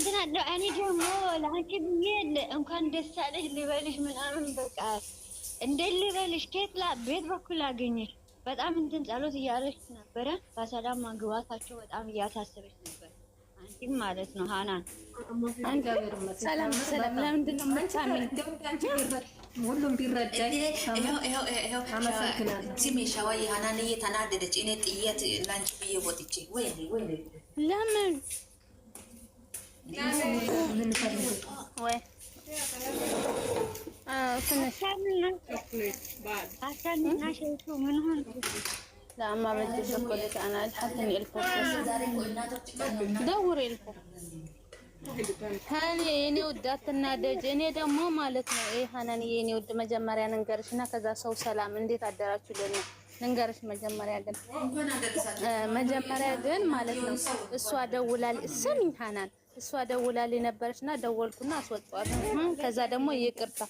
እንትና እኔ ደግሞ ለአንቺ ብዬ እንኳን ደስ አለሽ ልበልሽ ምናምን በቃ እንደ ልበልሽ ከየት ላ ቤት በኩል አገኘሽ በጣም እንትን ጸሎት እያለች ነበረ። በሰላም ማግባታቸው በጣም እያሳሰበች ነበር። አንቺም ማለት ነው ሀናን ሁሉም ቢረዳኝ ሀናንዬ ተናደደች። እኔ ጥየት ላንቺ ብዬ ወጥቼ ወይ ለምን የኔ ውድ አትናደጅ። እኔ ደግሞ ማለት ነው ይሄ ሀናን የኔ ውድ መጀመሪያ ንንገርሽ እና ከዛ ሰው ሰላም እንዴት አደራችሁ ለኔ ንንገርሽ መጀመሪያ ግን መጀመሪያ ግን ማለት ነው እሷ ደውላል ስሚኝ ሀናን እሷ ደውላል እና ደወልኩና አስወጣዋል። ከዛ ደግሞ ይቅርታ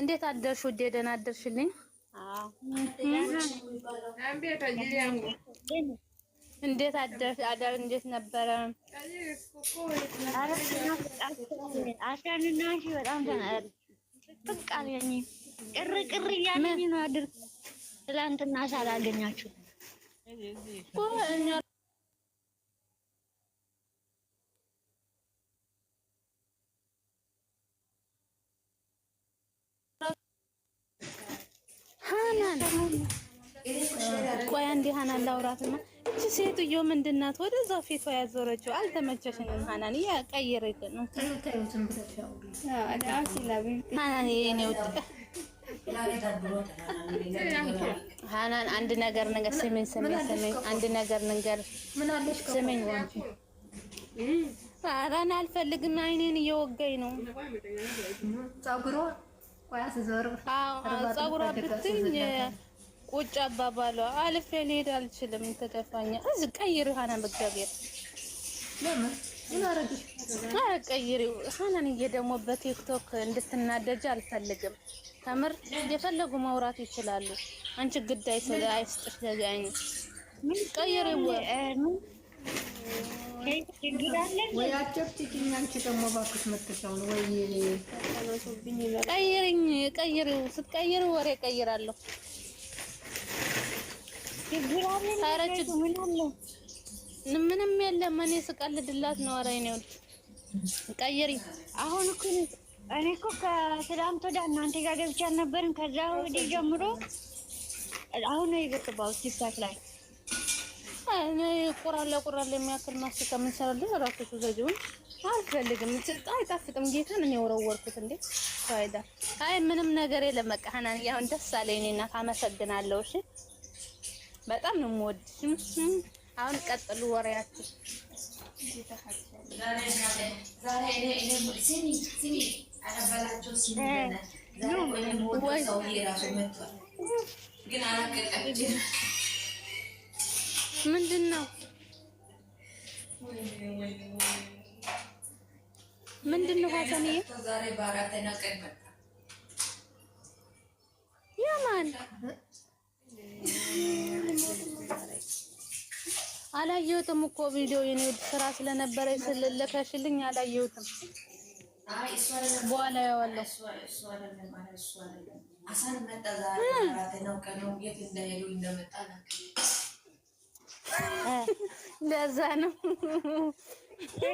እንዴት አደርሽ ውዴ? ደህና አደርሽልኝ? እንዴት አደርሽ? አዳር እንዴት ነበረ? ቅር ቅር እያለኝ ነው። አድር ትላንትና ሳላገኛችሁ ሀናን ቆይ አንዴ ሀናን ላውራትና እቺ ሴትዮ ምንድን ወደዛ ፊቷ ያዞረችው አልተመቸሽንም። ሀናን ያ ቀየረች ነው ሀናን አንድ ነገር ነገር ስሜን ስሜን ስሜን አንድ ነገር ነገር ስሜን ወንጂ ኧረ እኔ አልፈልግም። አይኔን እየወጋኝ ነው ጸጉሯ ፀጉሯ ብትኝ ቁጭ አባባሏ አልፌ ልሄድ አልችልም። ተደፋኛ እዚህ ቀይሪ ሀናን በእግዚአብሔር ቀይሪው። ሀናንዬ ደግሞ በቲክቶክ እንድትናደጅ አልፈልግም። ተምር የፈለጉ መውራት ይችላሉ። አንቺ ግዳይ አይስጥሽ። ለዚያ አይነት ቀይሪው ወይ ቀይርኝ፣ ወሬ ቀይራለሁ። ምንም የለም። እኔ ስቀልድላት ነው። ኧረ እኔ ቀይሪኝ። አሁን እኮ እኔ እኮ ከትላንት ወዲያ እናንተ ጋር ገብቼ ከዛ ወዲህ ጀምሮ አሁን ነው የገባሁት ቲክታክ ላይ እኔ ቁራላ ቁራላ የሚያክል ማስቲካ ምን ሰራልኝ? እራሱ ዘጂውን አልፈልግም። አይጣፍጥም። ጌታን እኔ ወረወርኩት እንዴ ፋይዳ። አይ ምንም ነገር የለም። በቃ ሀናን ያሁን ደስ አለኝ። እኔ እናት አመሰግናለሁ። እሺ በጣም ነው የምወድሽ። አሁን ቀጥሉ ወሬያችሁ። ዛሬ ምንድን ነው? ምንድን ነው ሀሰንዬ? ያማን አላየሁትም እኮ ቪዲዮ የኔ ስራ ስለነበረ ስለለከሽልኝ አላየሁትም። በኋላ ያዋለው ለዛ ነው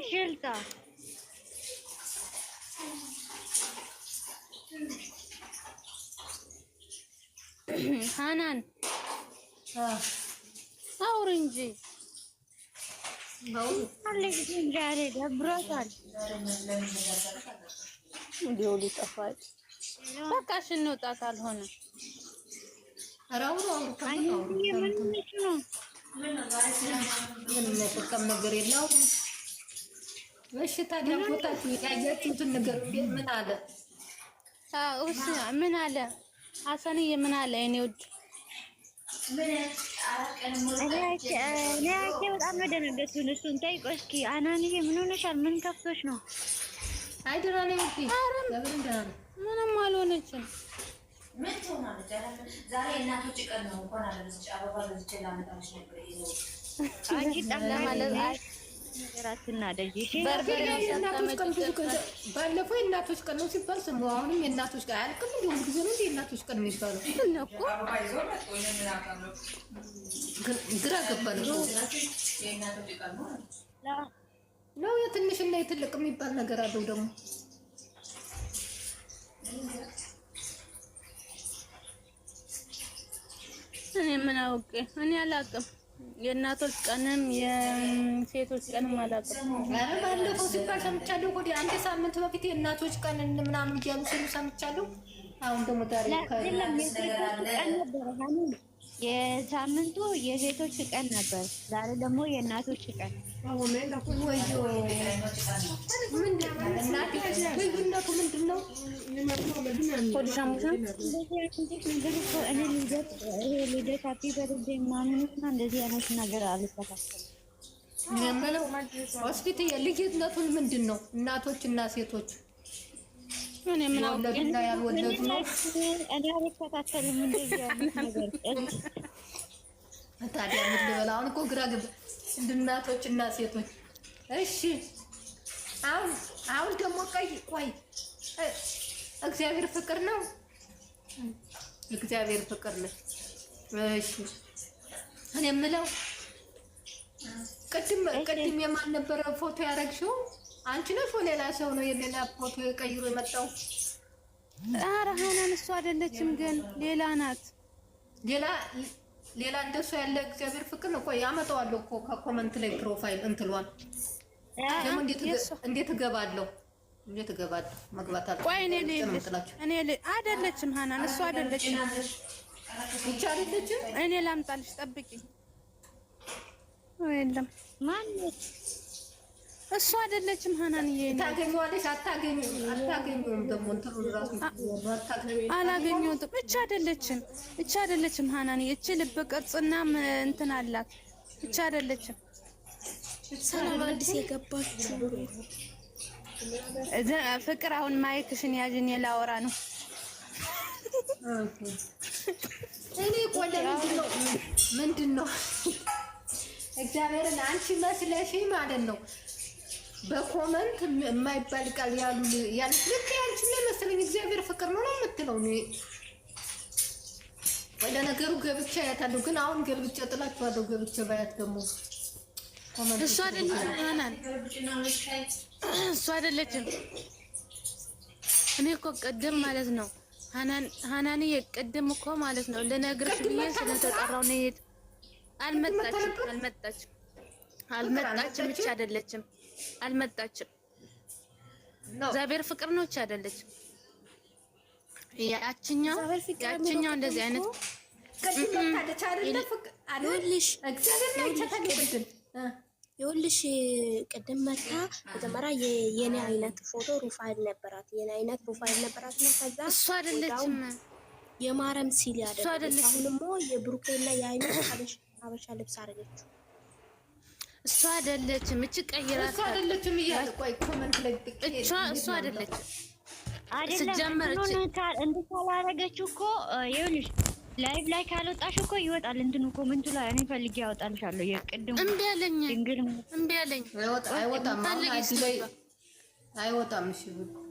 ሽልታ ሃናን አውሪ እንጂ ዛሬ ደብሮታል። እንዲሁ ሊጠፋጭ በቃ ካልሆነ ምንም መቆጠብ ነገር የለውም። እሺ ታዲያ ቦታችሁ ያያችሁትን ነገር ምን አለ? አዎ እሱ ምን አለ? ሀሰንዬ ምን አለ? የእኔ ውድ እኔ አይቼ በጣም ነው የደነገጥኩት። እሱን ተይ እስኪ አናንዬ ምን ሆነሻል? ምን ከፍቶሽ ነው? አይ ደህና ነኝ ውዴ፣ ምንም አልሆነችም። ምን ትሆናለች? ዛሬ እናቶች ቀን ነው እንኳን አለብስጭ አበባ ለብስጭ ላመጣልሽ ነበር ይዘው ባለፈው የእናቶች ቀን ነው ሲባል ስሙ። አሁንም የእናቶች ቀን አያልቅም። እንደውም ጊዜ ነው የእናቶች ቀን የሚባለው እኮ ግራ ገባል ነው። የትንሽና የትልቅ የሚባል ነገር አለው ደግሞ እኔ ምን አውቄ እኔ አላውቅም። የእናቶች ቀንም የሴቶች ቀንም አላውቅም። ባለፈው ሲባል ሰምቻለሁ። ወደ አንድ ሳምንት በፊት የእናቶች ቀን ምናምን እያሉ ሲሉ ሰምቻለሁ። አሁን ደግሞ ዛሬ የሳምንቱ የሴቶች ቀን ነበር። ዛሬ ደግሞ የእናቶች ቀን ነው ሆድ ሳምቡሳ ምንድን ነው? እናቶች እና ሴቶች ወለዱና ታዲያ ምን ልበል አሁን እኮ ግራ ገባ። እናቶች እና ሴቶች እሺ አሁን አሁን ደግሞ ቀይ ቆይ እግዚአብሔር ፍቅር ነው። እግዚአብሔር ፍቅር ነው። እሺ እኔ የምለው ቅድም ቅድም የማን ነበረ ፎቶ ያደረግሽው? አንቺ ነሽ ሌላ ሰው ነው የሌላ ፎቶ ቀይሮ የመጣው? ኧረ ሀናን እሷ አይደለችም፣ ግን ሌላ ናት። ሌላ ሌላ እንደሱ ያለ እግዚአብሔር ፍቅር ነው። ቆይ አመጣዋለሁ እኮ ከኮመንት ላይ ፕሮፋይል እንትሏል። ለምን እንዴት እገባለሁ እንዴት ገባል መግባት አለ። ቆይ እኔ አይደለችም፣ ሃናን እሱ አይደለችም፣ ብቻ አይደለችም። እኔ ላምጣልሽ፣ ጠብቂ። የለም ማነች? እሱ አይደለችም። ሃናን ይሄ ታገኘዋለሽ። አታገኘውም፣ አታገኘውም። ደግሞ እንትሩ ራሱ አላገኘሁትም። ብቻ አይደለችም፣ ብቻ አይደለችም። ሃናን እቺ ልብ ቅርጽና እንትን አላት። ብቻ አይደለችም። ሰላም አዲስ የገባችሁ ፍቅር አሁን ማይክሽን ያዥን የላወራ ነው። እኔ ቆለ ምንድን ነው እግዚአብሔርን አንቺ መስለሽ ማለት ነው። በኮመንት የማይባል ቃል ያሉ ያሉት ልክ ያንቺ ላይ መሰለኝ እግዚአብሔር ፍቅር ነው ነው የምትለው ነው። ወደ ነገሩ ገብቻ ያታለሁ ግን አሁን ገብቼ ጥላችኋለሁ። ገብቼ ባያት ደግሞ እሱ አይደለችም እሱ አይደለችም። እኔ እኮ ቅድም ማለት ነው ሀናንዬ፣ ቅድም እኮ ማለት ነው ልነግርሽ ብዬ ስለተጠራው ነው የሄድ አልመጣችም፣ አልመጣችም፣ አልመጣችም። እች አይደለችም፣ አልመጣችም። እግዚአብሔር ፍቅር ነው። እች አይደለችም። ያችኛው ያችኛው እንደዚህ አይነት ቅድም መታለች አይደለ? ፍቅር አልልሽ እግዚአብሔር ላይ ተተገደደ ይኸውልሽ ቅድም መታ መጀመሪያ የኔ አይነት ፎቶ ሩፋይል ነበራት፣ የኔ አይነት ፕሮፋይል ነበራት እና ከዛ እሱ አይደለችም የማረም ሲል ያደረገች። አሁን ደግሞ የብሩኬና የአይነት ሀበሻ ልብስ አደረገችው። እሷ አይደለችም፣ እቺ ቀይራ እሷ አይደለችም እያለ ቆይ ኮመንት ላይ እሷ እሱ አይደለችም። አይደለም እንድታላረገችው እኮ ይኸውልሽ ላይቭ ላይ ካልወጣሽ እኮ ይወጣል እንትኑ ኮመንቱ ላይ እኔ ፈልጌ ያወጣልሻለሁ። የቅድም እምቢ አለኝ፣ እምቢ አለኝ። አይወጣም፣ አይወጣም፣ አይወጣም። እሺ